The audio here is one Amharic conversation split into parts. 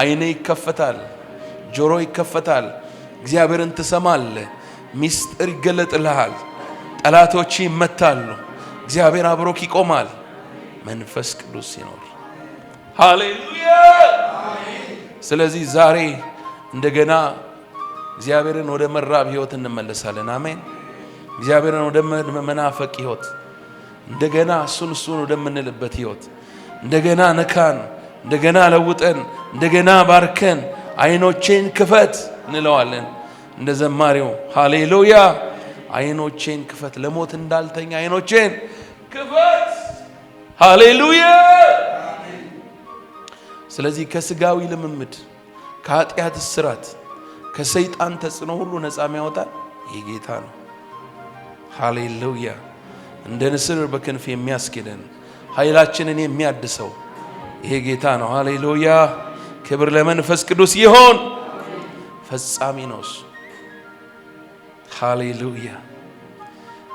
አይነ ይከፈታል፣ ጆሮ ይከፈታል፣ እግዚአብሔርን ትሰማለ፣ ሚስጥር ይገለጥልሃል፣ ጠላቶች ይመታሉ፣ እግዚአብሔር አብሮክ ይቆማል። መንፈስ ቅዱስ ሲኖር ሃሌሉያ። ስለዚህ ዛሬ እንደገና እግዚአብሔርን ወደ መራብ ህይወት እንመለሳለን። አሜን። እግዚአብሔርን ወደ መናፈቅ ህይወት እንደገና እሱን እሱን ወደምንልበት ህይወት እንደገና ነካን፣ እንደገና ለውጠን እንደገና ባርከን አይኖቼን ክፈት እንለዋለን። እንደ ዘማሪው ሃሌሉያ አይኖቼን ክፈት፣ ለሞት እንዳልተኛ አይኖቼን ክፈት። ሃሌሉያ። ስለዚህ ከስጋዊ ልምምድ፣ ከኃጢአት እስራት፣ ከሰይጣን ተጽዕኖ ሁሉ ነፃ የሚያወጣን ይህ ጌታ ነው። ሃሌሉያ። እንደ ንስር በክንፍ የሚያስኬደን ኃይላችንን የሚያድሰው ይሄ ጌታ ነው። ሃሌሉያ። ክብር ለመንፈስ ቅዱስ ይሆን። ፈጻሚ ነው ሃሌሉያ።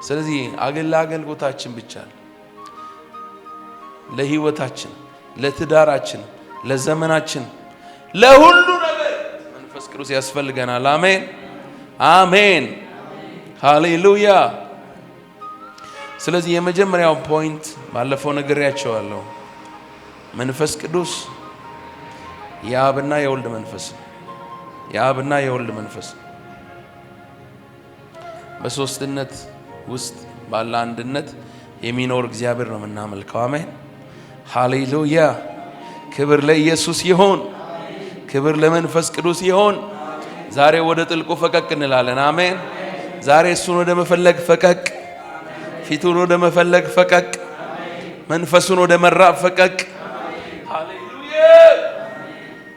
ስለዚህ አገል ለአገልግሎታችን ብቻ ለህይወታችን፣ ለትዳራችን፣ ለዘመናችን፣ ለሁሉ ነገር መንፈስ ቅዱስ ያስፈልገናል። አሜን አሜን። ሃሌሉያ። ስለዚህ የመጀመሪያው ፖይንት ባለፈው ነግሬያቸዋለሁ። መንፈስ ቅዱስ የአብና የወልድ መንፈስ የአብና የወልድ መንፈስ በሶስትነት ውስጥ ባለ አንድነት የሚኖር እግዚአብሔር ነው የምናመልከው። አሜን ሃሌሉያ። ክብር ለኢየሱስ ይሆን፣ ክብር ለመንፈስ ቅዱስ ይሆን። ዛሬ ወደ ጥልቁ ፈቀቅ እንላለን። አሜን። ዛሬ እሱን ወደ መፈለግ ፈቀቅ፣ ፊቱን ወደ መፈለግ ፈቀቅ፣ መንፈሱን ወደ መራብ ፈቀቅ። ሃሌሉያ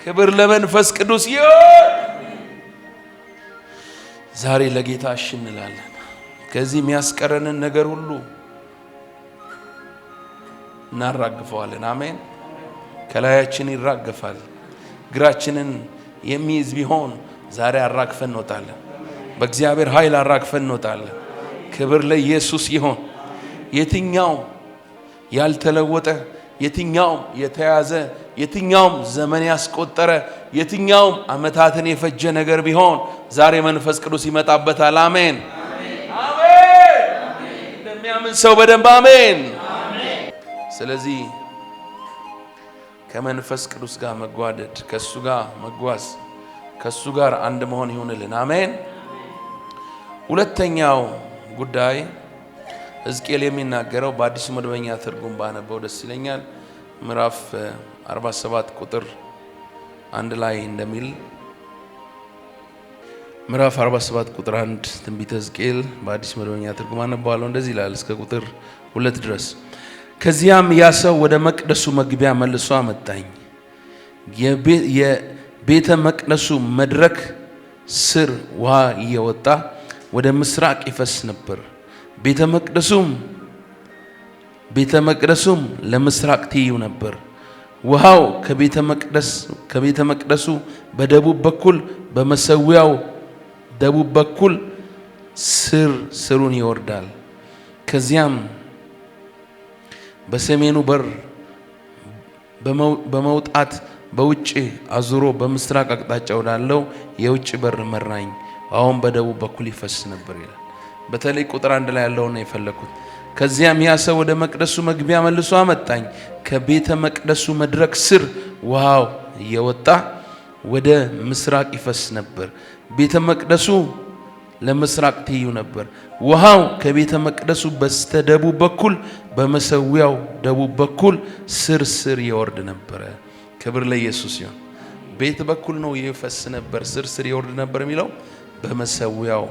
ክብር ለመንፈስ ቅዱስ ይሁን። ዛሬ ለጌታ እሺ እንላለን። ከዚህ የሚያስቀረንን ነገር ሁሉ እናራግፈዋለን። አሜን። ከላያችን ይራገፋል። እግራችንን የሚይዝ ቢሆን ዛሬ አራግፈን እንወጣለን። በእግዚአብሔር ኃይል አራግፈን እንወጣለን። ክብር ለኢየሱስ ይሆን። የትኛው ያልተለወጠ የትኛውም የተያዘ የትኛውም ዘመን ያስቆጠረ የትኛውም ዓመታትን የፈጀ ነገር ቢሆን ዛሬ መንፈስ ቅዱስ ይመጣበታል። አሜን እንደሚያምን ሰው በደንብ አሜን። ስለዚህ ከመንፈስ ቅዱስ ጋር መጓደድ፣ ከእሱ ጋር መጓዝ፣ ከእሱ ጋር አንድ መሆን ይሆንልን አሜን። ሁለተኛው ጉዳይ ሕዝቅኤል የሚናገረው በአዲሱ መደበኛ ትርጉም ባነበው ደስ ይለኛል ምዕራፍ 47 ቁጥር አንድ ላይ እንደሚል ምዕራፍ 47 ቁጥር 1 ትንቢተ ሕዝቅኤል በአዲስ መደበኛ ትርጉም አነባዋለሁ። እንደዚህ ይላል እስከ ቁጥር ሁለት ድረስ። ከዚያም ያ ሰው ወደ መቅደሱ መግቢያ መልሶ አመጣኝ። የቤተ መቅደሱ መድረክ ስር ውሃ እየወጣ ወደ ምስራቅ ይፈስ ነበር። ቤተ መቅደሱም ቤተ መቅደሱም ለምስራቅ ትይዩ ነበር። ውሃው ከቤተ መቅደሱ በደቡብ በኩል በመሰዊያው ደቡብ በኩል ስር ስሩን ይወርዳል። ከዚያም በሰሜኑ በር በመውጣት በውጭ አዙሮ በምስራቅ አቅጣጫ ወዳለው የውጭ በር መራኝ። አሁን በደቡብ በኩል ይፈስ ነበር ይላል። በተለይ ቁጥር አንድ ላይ ያለውን የፈለግኩት ከዚያም ያ ሰው ወደ መቅደሱ መግቢያ መልሶ አመጣኝ። ከቤተ መቅደሱ መድረክ ስር ውሃው እየወጣ ወደ ምስራቅ ይፈስ ነበር። ቤተ መቅደሱ ለምስራቅ ትይዩ ነበር። ውሃው ከቤተ መቅደሱ በስተ ደቡብ በኩል በመሰዊያው ደቡብ በኩል ስር ስር ይወርድ ነበረ። ክብር ለኢየሱስ ይሁን። ቤት በኩል ነው ይፈስ ነበር፣ ስር ስር ይወርድ ነበር የሚለው በመሰዊያው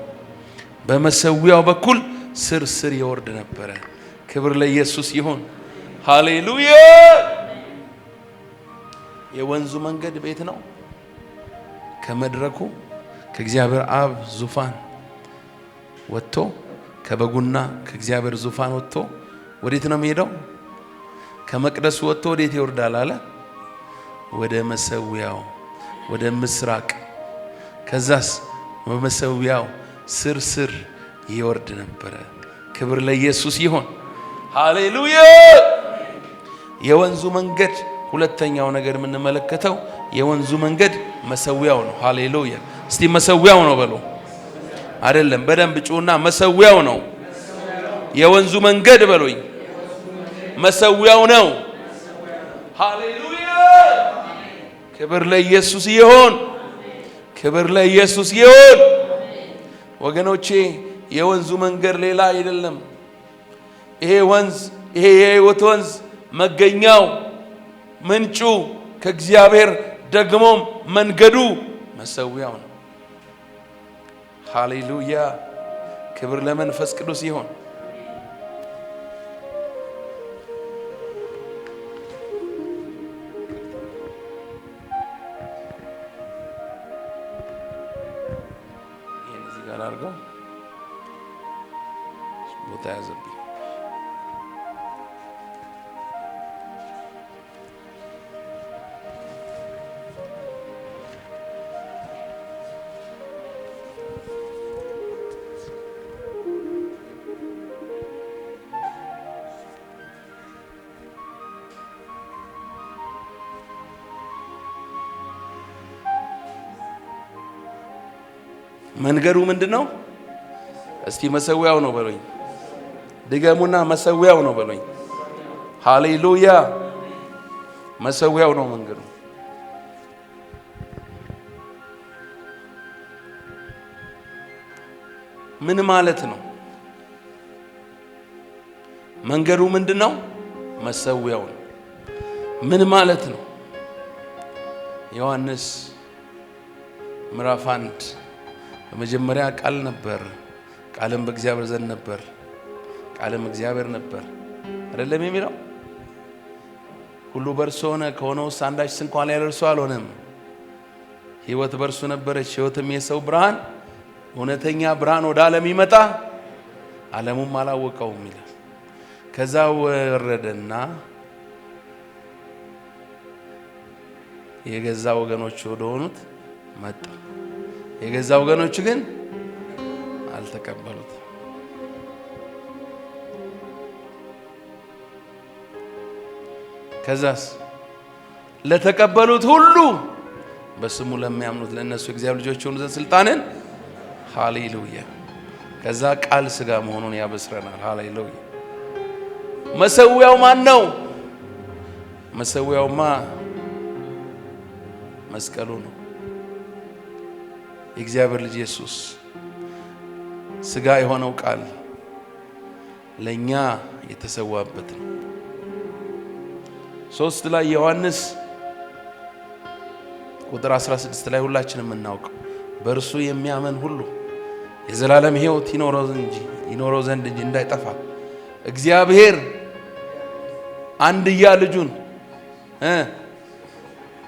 በመሰዊያው በኩል ስር ስር ይወርድ ነበረ። ክብር ለኢየሱስ ይሁን። ሃሌሉያ። የወንዙ መንገድ ቤት ነው። ከመድረኩ ከእግዚአብሔር አብ ዙፋን ወጥቶ ከበጉና ከእግዚአብሔር ዙፋን ወጥቶ ወዴት ነው የሚሄደው? ከመቅደሱ ወጥቶ ወዴት ይወርዳል አለ? ወደ መሰዊያው ወደ ምስራቅ። ከዛስ በመሰዊያው ስር ስር ይወርድ ነበረ። ክብር ለኢየሱስ ይሆን። ሃሌሉያ! የወንዙ መንገድ ሁለተኛው ነገር የምንመለከተው የወንዙ መንገድ መሰዊያው ነው። ሃሌሉያ! እስቲ መሰዊያው ነው በሉ። አይደለም፣ በደንብ ጩና መሰዊያው ነው። የወንዙ መንገድ በሉኝ፣ መሰዊያው ነው። ሃሌሉያ! ክብር ለኢየሱስ ይሆን። ክብር ለኢየሱስ ይሆን ወገኖቼ የወንዙ መንገድ ሌላ አይደለም። ይሄ ወንዝ ይሄ የህይወት ወንዝ መገኛው ምንጩ ከእግዚአብሔር ደግሞም መንገዱ መሰዊያው ነው። ሃሌሉያ! ክብር ለመንፈስ ቅዱስ ይሆን። ይህን እዚህ ጋር አድርገው вот тая заби. መንገዱ ምንድን ነው? እስቲ መሰዊያው ነው በሉኝ። ድገሙና መሰዊያው ነው በሉኝ። ሃሌሉያ መሰዊያው ነው መንገዱ። ምን ማለት ነው? መንገዱ ምንድን ነው? መሰዊያው ነው። ምን ማለት ነው? ዮሐንስ ምዕራፍ አንድ በመጀመሪያ ቃል ነበር፣ ቃልም በእግዚአብሔር ዘንድ ነበር ቃለም እግዚአብሔር ነበር አይደለም የሚለው ሁሉ በእርሱ ሆነ፣ ከሆነ ውስጥ አንዳች ስንኳን ያለ አልሆነም። ህይወት በእርሱ ነበረች፣ ህይወትም የሰው ብርሃን፣ እውነተኛ ብርሃን ወደ ዓለም ይመጣ ዓለሙም አላወቀውም ይላል። ከዛ ወረደና የገዛ ወገኖቹ ወደሆኑት መጣ። የገዛ ወገኖቹ ግን አልተቀበሉት። ከዛስ ለተቀበሉት ሁሉ በስሙ ለሚያምኑት ለእነሱ የእግዚአብሔር ልጆች የሆኑ ዘንድ ስልጣንን ሃሌሉያ። ከዛ ቃል ስጋ መሆኑን ያበስረናል። ሃሌሉያ። መሰዊያው ማን ነው? መሰዊያውማ መስቀሉ ነው። የእግዚአብሔር ልጅ ኢየሱስ ስጋ የሆነው ቃል ለእኛ የተሰዋበት ነው። ሶስት ላይ ዮሐንስ ቁጥር 16 ላይ ሁላችንም የምናውቀው በእርሱ የሚያመን ሁሉ የዘላለም ሕይወት ይኖረው ዘንድ እንጂ እንዳይጠፋ እግዚአብሔር አንድያ ልጁን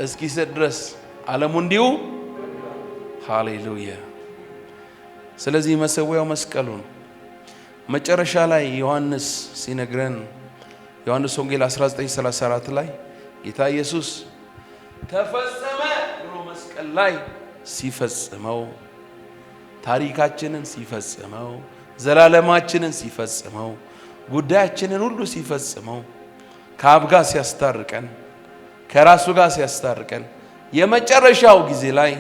እስኪሰጥ ድረስ ዓለሙ እንዲሁ ሃሌሉያ። ስለዚህ መሰዊያው መስቀሉ ነው። መጨረሻ ላይ ዮሐንስ ሲነግረን ዮሐንስ ወንጌል 1934 ላይ ጌታ ኢየሱስ ተፈጸመ ብሎ መስቀል ላይ ሲፈጽመው ታሪካችንን ሲፈጽመው ዘላለማችንን ሲፈጽመው ጉዳያችንን ሁሉ ሲፈጽመው ከአብ ጋር ሲያስታርቀን ከራሱ ጋር ሲያስታርቀን የመጨረሻው ጊዜ ላይ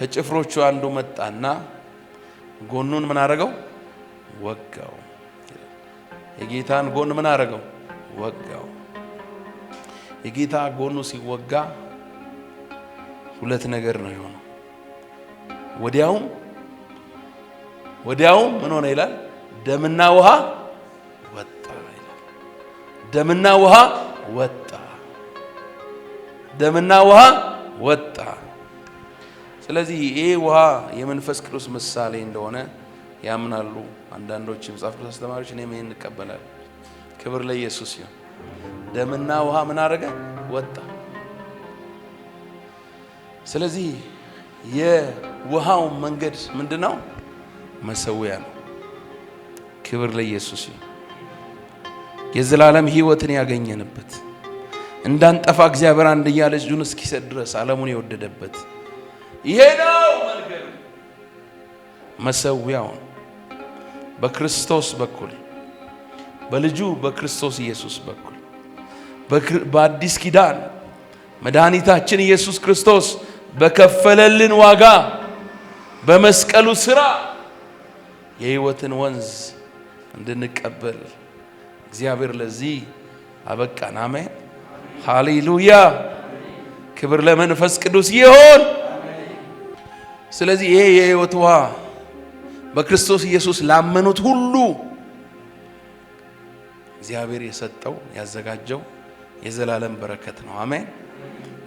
ከጭፍሮቹ አንዱ መጣና ጎኑን ምን አደረገው? ወጋው። የጌታን ጎን ምን አደረገው? ወጋው። የጌታ ጎኑ ሲወጋ ሁለት ነገር ነው የሆነው። ወዲያውም ወዲያውም ምን ሆነ ይላል? ደምና ውሃ ወጣ ይላል። ደምና ውሃ ወጣ። ደምና ውሃ ወጣ። ስለዚህ ይሄ ውሃ የመንፈስ ቅዱስ ምሳሌ እንደሆነ ያምናሉ። አንዳንዶች መጽሐፍ ቅዱስ አስተማሪዎች እኔም ይህን እንቀበላል። ክብር ለኢየሱስ ይሁን። ደምና ውሃ ምን አደረገ? ወጣ። ስለዚህ የውሃው መንገድ ምንድን ነው? መሰዊያ ነው። ክብር ለኢየሱስ ይሁን። የዘላለም ሕይወትን ያገኘንበት እንዳንጠፋ እግዚአብሔር አንድያ ልጁን እስኪሰጥ ድረስ ዓለሙን የወደደበት ይሄ ነው መንገዱ መሰዊያውን በክርስቶስ በኩል በልጁ በክርስቶስ ኢየሱስ በኩል በአዲስ ኪዳን መድኃኒታችን ኢየሱስ ክርስቶስ በከፈለልን ዋጋ በመስቀሉ ሥራ የሕይወትን ወንዝ እንድንቀበል እግዚአብሔር ለዚህ አበቃን። አሜን፣ ሃሌሉያ። ክብር ለመንፈስ ቅዱስ ይሆን። ስለዚህ ይሄ የሕይወት ውሃ በክርስቶስ ኢየሱስ ላመኑት ሁሉ እግዚአብሔር የሰጠው ያዘጋጀው የዘላለም በረከት ነው። አሜን።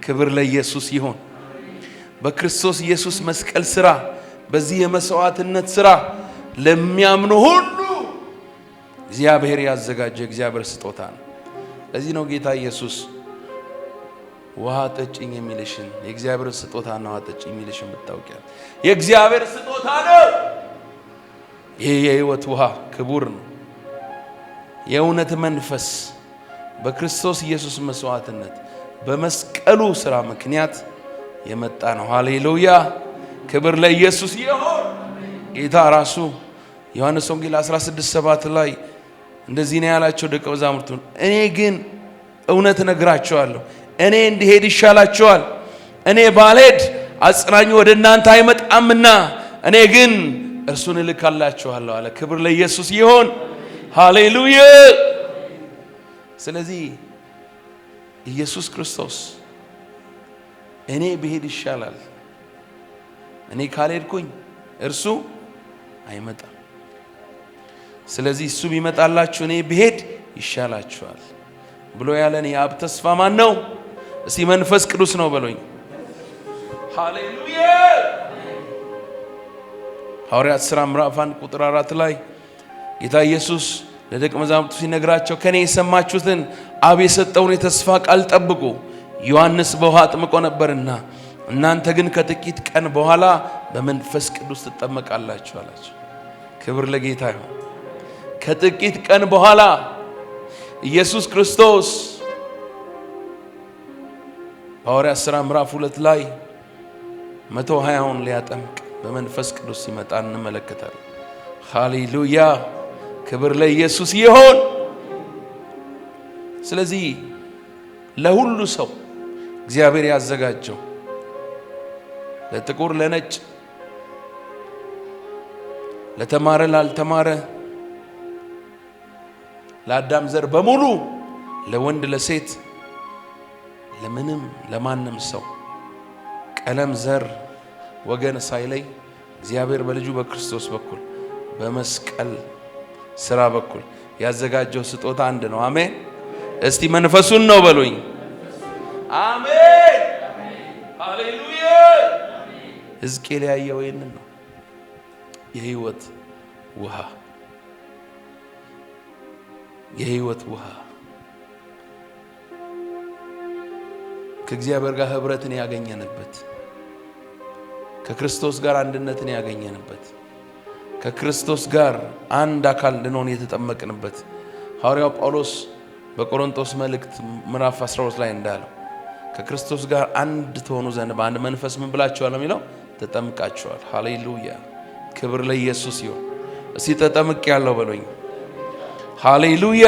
ክብር ለኢየሱስ ይሁን። በክርስቶስ ኢየሱስ መስቀል ሥራ፣ በዚህ የመስዋዕትነት ሥራ ለሚያምኑ ሁሉ እግዚአብሔር ያዘጋጀው እግዚአብሔር ስጦታ ነው። ለዚህ ነው ጌታ ኢየሱስ ውሃ ጠጭኝ የሚልሽን የእግዚአብሔር ስጦታ ነው ውሃ ጠጭኝ የሚልሽን ብታውቂያል የእግዚአብሔር ስጦታ ነው። ይህ የሕይወት ውሃ ክቡር ነው። የእውነት መንፈስ በክርስቶስ ኢየሱስ መስዋዕትነት በመስቀሉ ሥራ ምክንያት የመጣ ነው። ሃሌሉያ! ክብር ለኢየሱስ ይሁን። ጌታ ራሱ ዮሐንስ ወንጌል 16 ሰባት ላይ እንደዚህ ነው ያላቸው ደቀ መዛሙርቱን፣ እኔ ግን እውነት እነግራችኋለሁ፣ እኔ እንድሄድ ይሻላችኋል። እኔ ባልሄድ አጽናኙ ወደ እናንተ አይመጣምና እኔ ግን እርሱን እልካላችኋለሁ አለ። ክብር ለኢየሱስ ይሆን። ሃሌሉያ። ስለዚህ ኢየሱስ ክርስቶስ እኔ ብሄድ ይሻላል፣ እኔ ካልሄድኩኝ እርሱ አይመጣም። ስለዚህ እሱ ቢመጣላችሁ እኔ ብሄድ ይሻላችኋል ብሎ ያለን የአብ ተስፋ ማን ነው? እስቲ መንፈስ ቅዱስ ነው በሎኝ። ሃሌሉያ ሐዋርያት ሥራ ምዕራፍ አንድ ቁጥር አራት ላይ ጌታ ኢየሱስ ለደቀ መዛሙርቱ ሲነግራቸው ከእኔ የሰማችሁትን አብ የሰጠውን የተስፋ ቃል ጠብቁ፣ ዮሐንስ በውሃ አጥምቆ ነበርና እናንተ ግን ከጥቂት ቀን በኋላ በመንፈስ ቅዱስ ትጠመቃላችሁ አላቸው። ክብር ለጌታ ይሁን። ከጥቂት ቀን በኋላ ኢየሱስ ክርስቶስ በሐዋርያት ሥራ ምዕራፍ ሁለት ላይ መቶ ሃያውን ሊያጠምቅ በመንፈስ ቅዱስ ሲመጣ እንመለከታለን። ሃሌሉያ! ክብር ለኢየሱስ ይሆን። ስለዚህ ለሁሉ ሰው እግዚአብሔር ያዘጋጀው ለጥቁር፣ ለነጭ፣ ለተማረ፣ ላልተማረ፣ ለአዳም ዘር በሙሉ ለወንድ፣ ለሴት፣ ለምንም ለማንም ሰው ቀለም፣ ዘር ወገን ሳይለይ እግዚአብሔር በልጁ በክርስቶስ በኩል በመስቀል ስራ በኩል ያዘጋጀው ስጦታ አንድ ነው። አሜን። እስቲ መንፈሱን ነው በሉኝ። አሜን፣ ሃሌሉያ። ሕዝቅኤል ያየው ይህንን ነው። የህይወት ውሃ የህይወት ውሃ ከእግዚአብሔር ጋር ህብረትን ያገኘንበት ከክርስቶስ ጋር አንድነትን ያገኘንበት ከክርስቶስ ጋር አንድ አካል ልንሆን የተጠመቅንበት ሐዋርያው ጳውሎስ በቆሮንቶስ መልእክት ምዕራፍ 12 ላይ እንዳለው ከክርስቶስ ጋር አንድ ትሆኑ ዘንድ በአንድ መንፈስ ምን ብላችኋል የሚለው ተጠምቃችኋል። ሃሌሉያ! ክብር ለኢየሱስ ይሁን። እስቲ ተጠምቅ ያለው በሎኝ። ሃሌሉያ!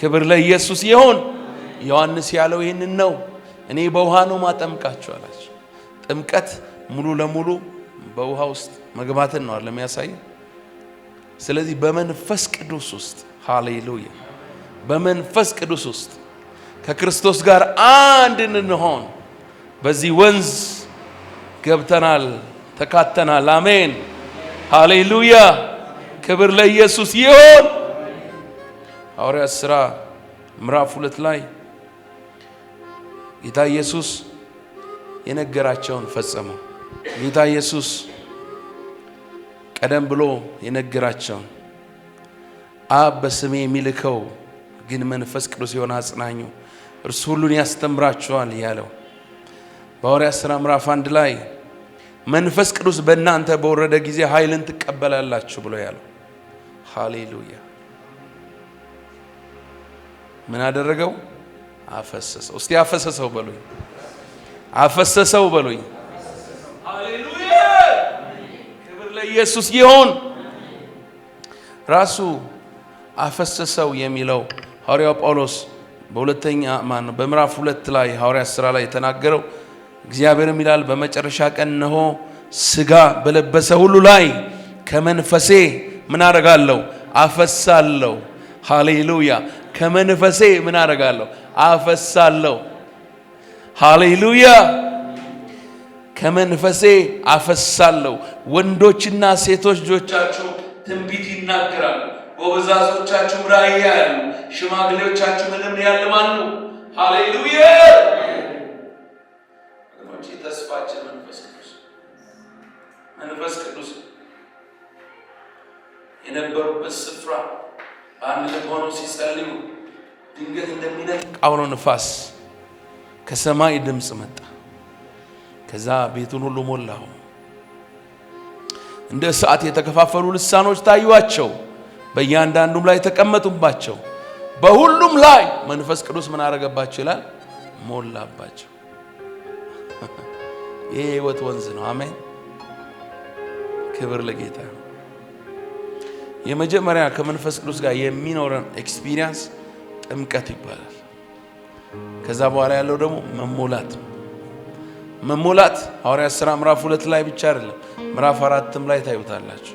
ክብር ለኢየሱስ ይሁን። ዮሐንስ ያለው ይህንን ነው። እኔ በውሃ ነው ማጠምቃችሁ አላቸው። ጥምቀት ሙሉ ለሙሉ በውሃ ውስጥ መግባትን ነው አይደል የሚያሳይ። ስለዚህ በመንፈስ ቅዱስ ውስጥ ሃሌሉያ፣ በመንፈስ ቅዱስ ውስጥ ከክርስቶስ ጋር አንድ እንሆን በዚህ ወንዝ ገብተናል፣ ተካተናል። አሜን፣ ሃሌሉያ። ክብር ለኢየሱስ ይሁን። ሐዋርያት ሥራ ምዕራፍ ሁለት ላይ ጌታ ኢየሱስ የነገራቸውን ፈጸመው። ጌታ ኢየሱስ ቀደም ብሎ የነገራቸው አብ በስሜ የሚልከው ግን መንፈስ ቅዱስ የሆነ አጽናኙ እርሱ ሁሉን ያስተምራችኋል ያለው በሐዋርያት ሥራ ምዕራፍ አንድ ላይ መንፈስ ቅዱስ በእናንተ በወረደ ጊዜ ኃይልን ትቀበላላችሁ ብሎ ያለው ሃሌሉያ። ምን አደረገው? አፈሰሰው። እስቲ አፈሰሰው በሉኝ፣ አፈሰሰው በሉኝ። ክብር ለኢየሱስ ራሱ አፈሰሰው የሚለው ሐዋርያው ጳውሎስ በሁለተኛ ማነው በምዕራፍ ሁለት ላይ ሐዋርያ ሥራ ላይ የተናገረው እግዚአብሔርም ይላል በመጨረሻ ቀን እነሆ ሥጋ በለበሰ ሁሉ ላይ ከመንፈሴ ምን አደርጋለሁ? አፈሳለሁ። ሃሌሉያ! ከመንፈሴ ምን አደርጋለሁ? አፈሳለሁ። ሃሌሉያ! ከመንፈሴ አፈሳለሁ። ወንዶችና ሴቶች ልጆቻችሁ ትንቢት ይናገራሉ፣ ጎበዛዞቻችሁ ራእይ ያያሉ፣ ሽማግሌዎቻችሁ ህልም ያልማሉ። ሃሌሉያ! ተስፋችን መንፈስ ቅዱስ መንፈስ ቅዱስ የነበሩበት ስፍራ በአንድ ልብ ሆነው ሲጸልዩ ድንገት እንደሚነጥቃው ነው ንፋስ ከሰማይ ድምፅ መጣ። ከዛ ቤቱን ሁሉ ሞላው። እንደ እሳት የተከፋፈሉ ልሳኖች ታዩአቸው፣ በእያንዳንዱም ላይ ተቀመጡባቸው። በሁሉም ላይ መንፈስ ቅዱስ ምን አረገባቸው ይላል? ሞላባቸው። ይህ የህይወት ወንዝ ነው። አሜን። ክብር ለጌታ። የመጀመሪያ ከመንፈስ ቅዱስ ጋር የሚኖረን ኤክስፒሪየንስ ጥምቀት ይባላል። ከዛ በኋላ ያለው ደግሞ መሞላት ነው። መሞላት ሐዋርያት ሥራ ምዕራፍ ሁለት ላይ ብቻ አይደለም፣ ምዕራፍ አራትም ላይ ታዩታላችሁ።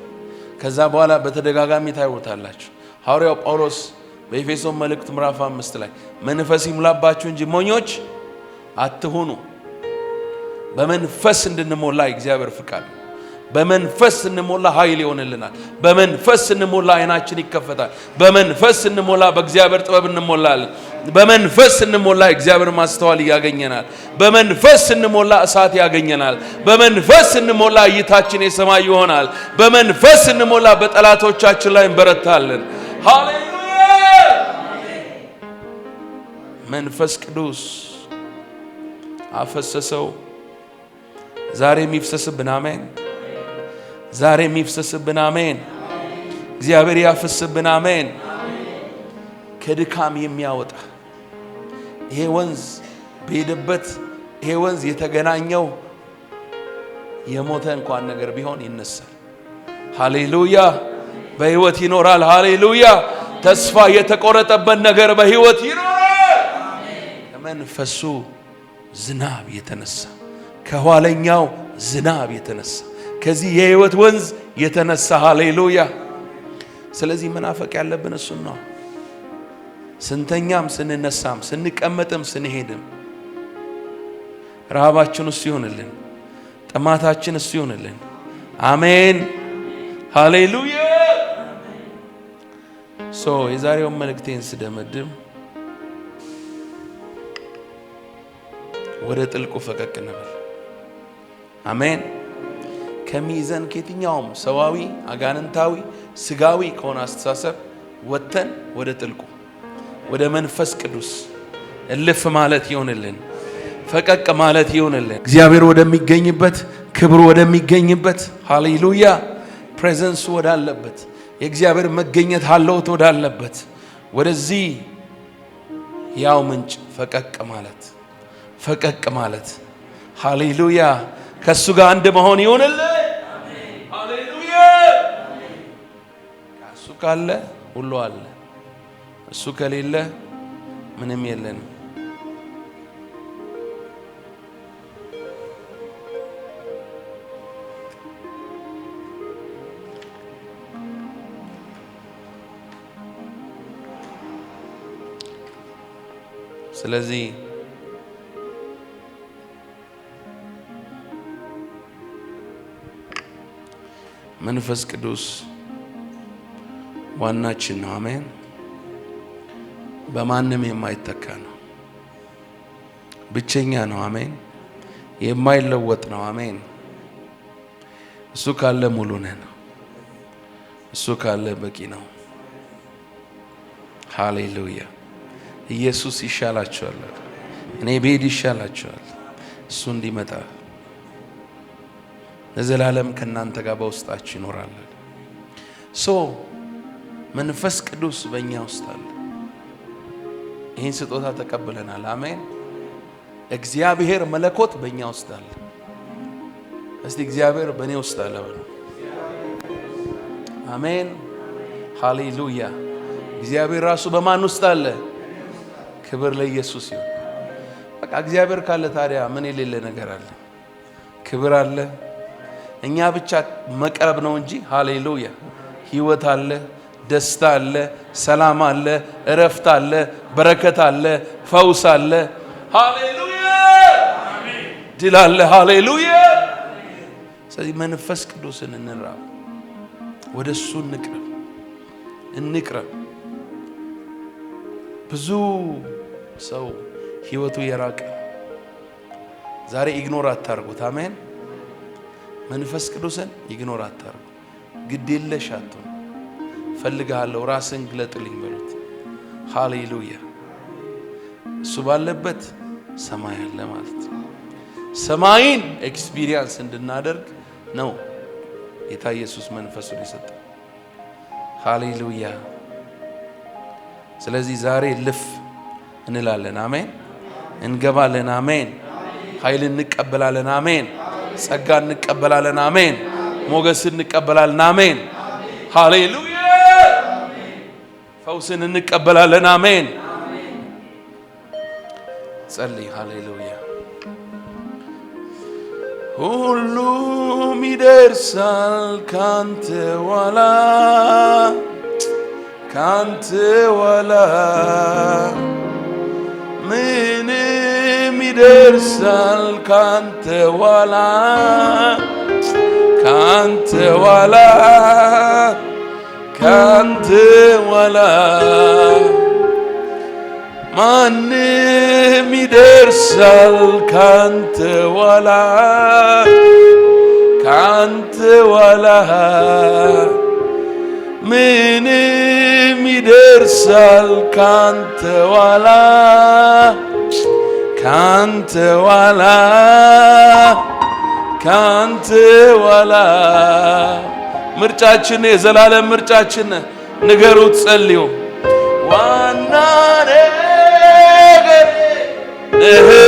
ከዛ በኋላ በተደጋጋሚ ታዩታላችሁ። ሐዋርያው ጳውሎስ በኤፌሶን መልእክት ምዕራፍ አምስት ላይ መንፈስ ይሙላባችሁ እንጂ ሞኞች አትሆኑ። በመንፈስ እንድንሞላ እግዚአብሔር ፍቃድ በመንፈስ ስንሞላ ኃይል ይሆንልናል። በመንፈስ ስንሞላ አይናችን ይከፈታል። በመንፈስ ስንሞላ በእግዚአብሔር ጥበብ እንሞላለን። በመንፈስ ስንሞላ እግዚአብሔር ማስተዋል ያገኘናል። በመንፈስ ስንሞላ እሳት ያገኘናል። በመንፈስ ስንሞላ እይታችን የሰማይ ይሆናል። በመንፈስ ስንሞላ በጠላቶቻችን ላይ እንበረታለን። ሃሌሉያ! መንፈስ ቅዱስ አፈሰሰው። ዛሬ የሚፍሰስብን አሜን። ዛሬ የሚፍሰስብን አሜን። እግዚአብሔር ያፈስብን አሜን። ከድካም የሚያወጣ ይሄ ወንዝ በሄደበት ይሄ ወንዝ የተገናኘው የሞተ እንኳን ነገር ቢሆን ይነሳል። ሃሌሉያ! በህይወት ይኖራል። ሃሌሉያ! ተስፋ የተቆረጠበት ነገር በህይወት ይኖራል። ከመንፈሱ ዝናብ የተነሳ ከኋለኛው ዝናብ የተነሳ ከዚህ የህይወት ወንዝ የተነሳ ሃሌሉያ! ስለዚህ መናፈቅ ያለብን እሱን ነው። ስንተኛም ስንነሳም ስንቀመጥም ስንሄድም ረሃባችን እሱ ይሆንልን፣ ጥማታችን እሱ ይሆንልን። አሜን ሃሌሉያ። ሶ የዛሬውን መልእክቴን ስደመድም ወደ ጥልቁ ፈቀቅ እንበል። አሜን ከሚይዘን ከየትኛውም ሰዋዊ፣ አጋንንታዊ፣ ስጋዊ ከሆነ አስተሳሰብ ወጥተን ወደ ጥልቁ ወደ መንፈስ ቅዱስ እልፍ ማለት ይሆንልን፣ ፈቀቅ ማለት ይሆንልን። እግዚአብሔር ወደሚገኝበት ክብር ወደሚገኝበት ሃሌሉያ፣ ፕሬዘንሱ ወዳለበት የእግዚአብሔር መገኘት አለውት ወዳለበት ወደዚህ ያው ምንጭ ፈቀቅ ማለት ፈቀቅ ማለት ሃሌሉያ፣ ከእሱ ጋር አንድ መሆን ይሆንልን። ሃሌሉያ፣ ከእሱ ካለ ሁሉ አለ። እሱ ከሌለ ምንም የለንም። ስለዚህ መንፈስ ቅዱስ ዋናችን ነው። አሜን። በማንም የማይተካ ነው። ብቸኛ ነው። አሜን። የማይለወጥ ነው። አሜን። እሱ ካለ ሙሉ ነን። እሱ ካለ በቂ ነው። ሃሌሉያ። ኢየሱስ ይሻላቸዋል። እኔ ቤድ ይሻላቸዋል። እሱ እንዲመጣ ለዘላለም ከእናንተ ጋር በውስጣችሁ ይኖራል። ሶ መንፈስ ቅዱስ በእኛ ውስጥ አለ። ይህን ስጦታ ተቀብለናል። አሜን። እግዚአብሔር መለኮት በእኛ ውስጥ አለ። እስቲ እግዚአብሔር በእኔ ውስጥ አለ በሉ። አሜን። ሃሌሉያ። እግዚአብሔር ራሱ በማን ውስጥ አለ? ክብር ለኢየሱስ ይሁን። በቃ እግዚአብሔር ካለ ታዲያ ምን የሌለ ነገር አለ? ክብር አለ። እኛ ብቻ መቅረብ ነው እንጂ ሃሌሉያ፣ ህይወት አለ ደስታ አለ፣ ሰላም አለ፣ እረፍት አለ፣ በረከት አለ፣ ፈውስ አለ። ሃሌሉያ ድል አለ። ሃሌሉያ። ስለዚህ መንፈስ ቅዱስን እንራ፣ ወደ እሱ እንቅረብ፣ እንቅረብ። ብዙ ሰው ህይወቱ የራቀ ዛሬ ኢግኖር አታርጉት። አሜን። መንፈስ ቅዱስን ኢግኖር አታርጉ፣ ግዴለሽ አትሁኑ። ፈልግሃለሁ፣ ራስን ግለጥልኝ በሉት። ሃሌሉያ። እሱ ባለበት ሰማይ አለ ማለት ሰማይን ኤክስፒሪየንስ እንድናደርግ ነው ጌታ ኢየሱስ መንፈሱን የሰጠ። ሃሌሉያ። ስለዚህ ዛሬ ልፍ እንላለን፣ አሜን። እንገባለን፣ አሜን። ኃይል እንቀበላለን፣ አሜን። ጸጋ እንቀበላለን፣ አሜን። ሞገስ እንቀበላለን፣ አሜን። ሃሌሉያ ፈውስን እንቀበላለን። አሜን። ጸልይ። ሃሌሉያ። ሁሉም ይደርሳል ካንተ ኋላ ካንተ ኋላ ምንም ይደርሳል ካንተ ኋላ ካንተ ኋላ ከአንተ ዋላ ማንም ይደርሳል ካንተ ዋላ ካንተ ዋላ ምንም ይደርሳል ካንተ ዋላ ካንተ ዋላ ካንተ ዋላ ምርጫችን የዘላለም ምርጫችን ንገሩት፣ ጸልዩ ዋና ነገር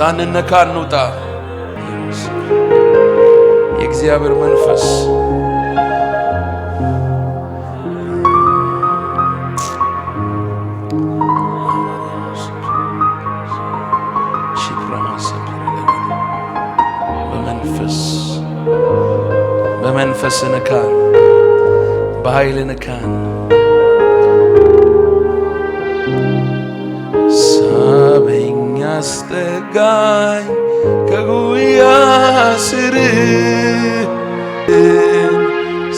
ሳንነካ እንውጣ። የእግዚአብሔር መንፈስ በመንፈስ ንካን፣ በኃይል ንካን። አስጠጋኝ ከጉያ ስር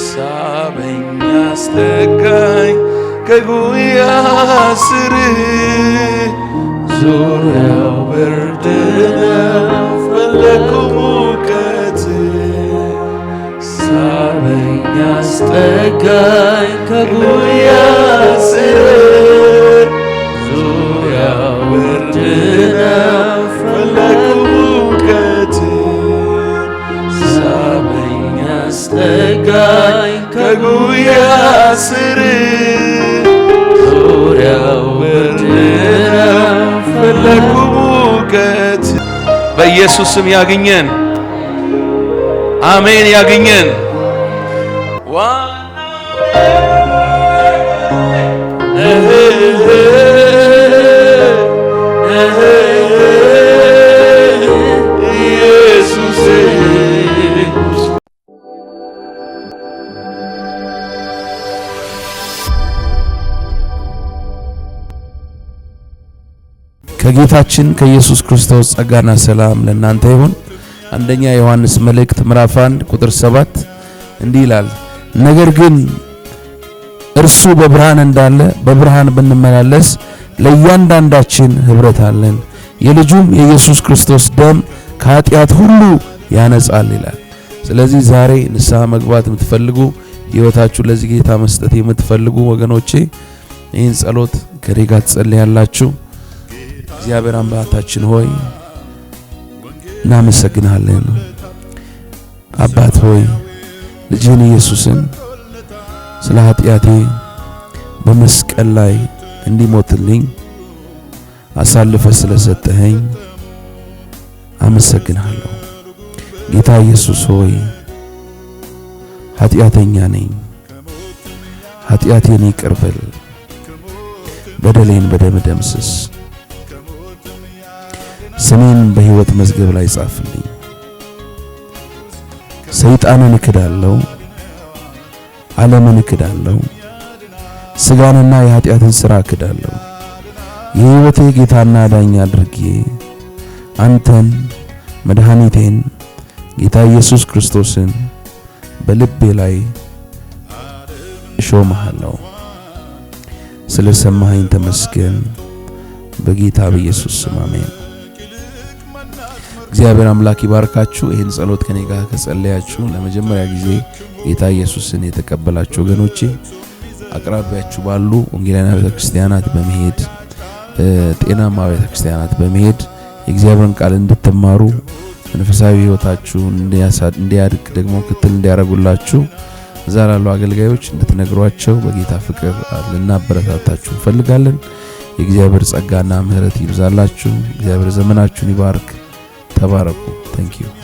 ሳበኝ አስጠጋኝ ከጉያ ስር ዙሪያው ብርድ ነው ፈለኩ ሙቀት ሳበኝ አስጠጋኝ ከጉያ ስር በጉያ ስር ዙሪያው ፈለጉ ሙቀት በኢየሱስም ያግኘን። አሜን ያግኘን። ከጌታችን ከኢየሱስ ክርስቶስ ጸጋና ሰላም ለእናንተ ይሁን። አንደኛ ዮሐንስ መልእክት ምዕራፍ 1 ቁጥር 7 እንዲህ ይላል፣ ነገር ግን እርሱ በብርሃን እንዳለ በብርሃን ብንመላለስ ለእያንዳንዳችን ኅብረት አለን፣ የልጁም የኢየሱስ ክርስቶስ ደም ከኃጢአት ሁሉ ያነጻል ይላል። ስለዚህ ዛሬ ንስሐ መግባት የምትፈልጉ ሕይወታችሁ ለዚህ ጌታ መስጠት የምትፈልጉ ወገኖቼ ይህን ጸሎት ከኔ ጋር ትጸልያላችሁ። እግዚአብሔር አምባታችን ሆይ እናመሰግናለን። አባት ሆይ ልጅህን ኢየሱስን ስለ ኃጢአቴ በመስቀል ላይ እንዲሞትልኝ አሳልፈ ስለሰጠኸኝ አመሰግናለሁ። ጌታ ኢየሱስ ሆይ ኃጢአተኛ ነኝ፣ ኃጢአቴን ይቅር በደሌን በደም ደምስስ ስሜን በሕይወት መዝገብ ላይ ጻፍልኝ። ሰይጣንን እክዳለሁ፣ ዓለምን እክዳለሁ፣ ሥጋንና የኀጢአትን ሥራ እክዳለሁ። የሕይወቴ ጌታና ዳኛ አድርጌ አንተን መድኃኒቴን ጌታ ኢየሱስ ክርስቶስን በልቤ ላይ እሾመሃለሁ። ስለ ሰማኸኝ ተመስገን። በጌታ በኢየሱስ ስም አሜን። እግዚአብሔር አምላክ ይባርካችሁ። ይህን ጸሎት ከኔ ጋር ከጸለያችሁ ለመጀመሪያ ጊዜ ጌታ ኢየሱስን የተቀበላችሁ ወገኖቼ አቅራቢያችሁ ባሉ ወንጌላና ቤተ ክርስቲያናት በመሄድ ጤናማ ቤተ ክርስቲያናት በመሄድ የእግዚአብሔርን ቃል እንድትማሩ መንፈሳዊ ሕይወታችሁ እንዲያድግ ደግሞ ክትል እንዲያደርጉላችሁ እዛ ላሉ አገልጋዮች እንድትነግሯቸው በጌታ ፍቅር ልናበረታታችሁ እንፈልጋለን። የእግዚአብሔር ጸጋና ምሕረት ይብዛላችሁ። እግዚአብሔር ዘመናችሁን ይባርክ። Tabaraku. Thank you.